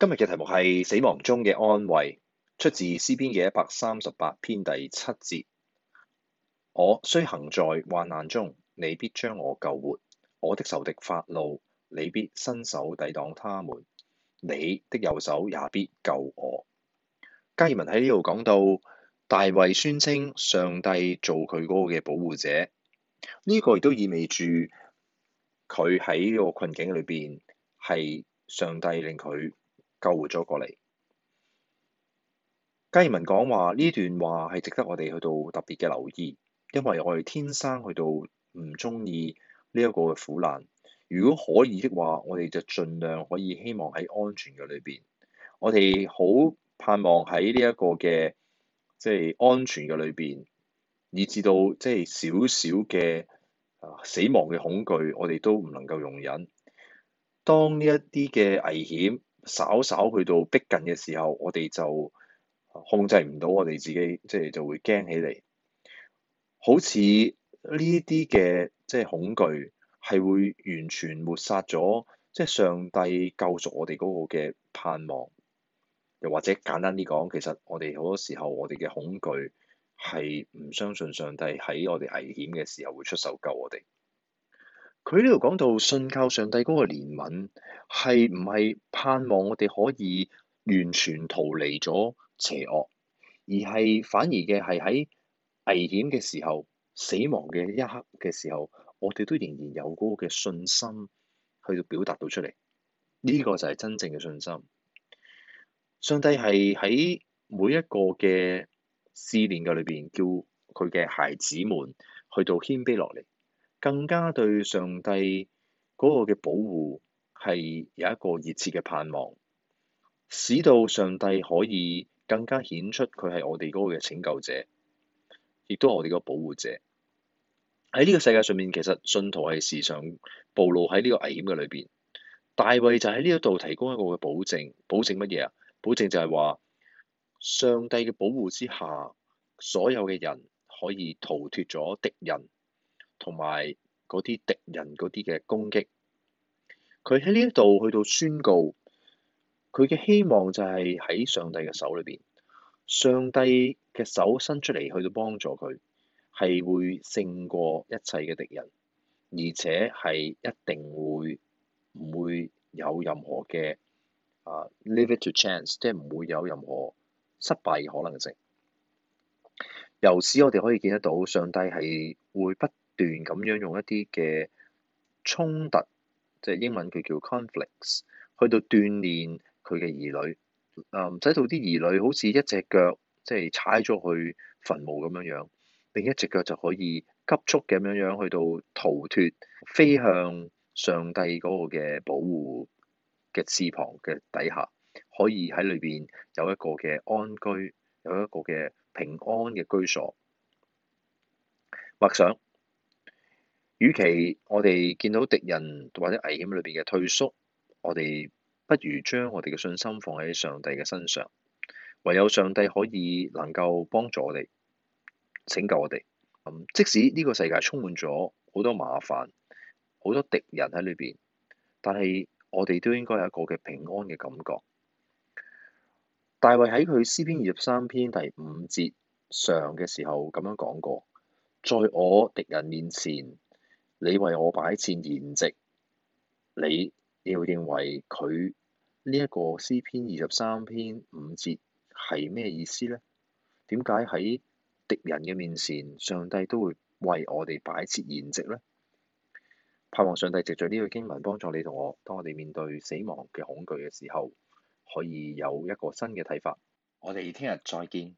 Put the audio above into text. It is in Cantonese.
今日嘅題目係死亡中嘅安慰，出自詩篇嘅一百三十八篇第七節。我雖行在患難中，你必將我救活。我的仇敵發怒，你必伸手抵擋他們。你的右手也必救我。加爾文喺呢度講到，大衛宣稱上帝做佢嗰個嘅保護者，呢、這個亦都意味住佢喺呢個困境裏邊係上帝令佢。救活咗過嚟，加爾文講話，呢段話係值得我哋去到特別嘅留意，因為我哋天生去到唔中意呢一個嘅苦難。如果可以的話，我哋就盡量可以希望喺安全嘅裏邊，我哋好盼望喺呢一個嘅即係安全嘅裏邊，以至到即係少少嘅死亡嘅恐懼，我哋都唔能夠容忍。當呢一啲嘅危險。稍稍去到逼近嘅時候，我哋就控制唔到我哋自己，即係就會驚起嚟。好似呢啲嘅即係恐懼，係會完全抹殺咗，即係上帝救贖我哋嗰個嘅盼望。又或者簡單啲講，其實我哋好多時候，我哋嘅恐懼，係唔相信上帝喺我哋危險嘅時候會出手救我哋。佢呢度講到信靠上帝嗰個憐憫，係唔係盼望我哋可以完全逃離咗邪惡，而係反而嘅係喺危險嘅時候、死亡嘅一刻嘅時候，我哋都仍然有嗰個嘅信心去到表達到出嚟。呢、這個就係真正嘅信心。上帝係喺每一個嘅試煉嘅裏邊，叫佢嘅孩子們去到謙卑落嚟。更加對上帝嗰個嘅保護係有一個熱切嘅盼望，使到上帝可以更加顯出佢係我哋嗰個嘅拯救者，亦都係我哋個保護者。喺呢個世界上面，其實信徒係時常暴露喺呢個危險嘅裏邊。大衛就喺呢一度提供一個嘅保證，保證乜嘢啊？保證就係話上帝嘅保護之下，所有嘅人可以逃脫咗敵人。同埋嗰啲敵人嗰啲嘅攻擊，佢喺呢一度去到宣告，佢嘅希望就係喺上帝嘅手裏邊，上帝嘅手伸出嚟去到幫助佢，係會勝過一切嘅敵人，而且係一定會唔會有任何嘅啊、uh,，leave it to chance，即係唔會有任何失敗嘅可能性。由此我哋可以見得到，上帝係會不不斷咁樣用一啲嘅衝突，即係英文佢叫 conflicts，去到鍛鍊佢嘅兒女，誒唔使到啲兒女好似一隻腳即係踩咗去墳墓咁樣樣，另一隻腳就可以急速嘅咁樣樣去到逃脫，飛向上帝嗰個嘅保護嘅翅膀嘅底下，可以喺裏邊有一個嘅安居，有一個嘅平安嘅居所。默想。與其我哋見到敵人或者危險裏邊嘅退縮，我哋不如將我哋嘅信心放喺上帝嘅身上。唯有上帝可以能夠幫助我哋拯救我哋。咁、嗯、即使呢個世界充滿咗好多麻煩、好多敵人喺裏邊，但係我哋都應該有一個嘅平安嘅感覺。大衛喺佢詩篇二十三篇第五節上嘅時候咁樣講過：在我敵人面前，你為我擺設筵席，你又認為佢呢一個詩篇二十三篇五節係咩意思呢？點解喺敵人嘅面前，上帝都會為我哋擺設筵席呢？盼望上帝藉著呢句經文幫助你同我，當我哋面對死亡嘅恐懼嘅時候，可以有一個新嘅睇法。我哋聽日再見。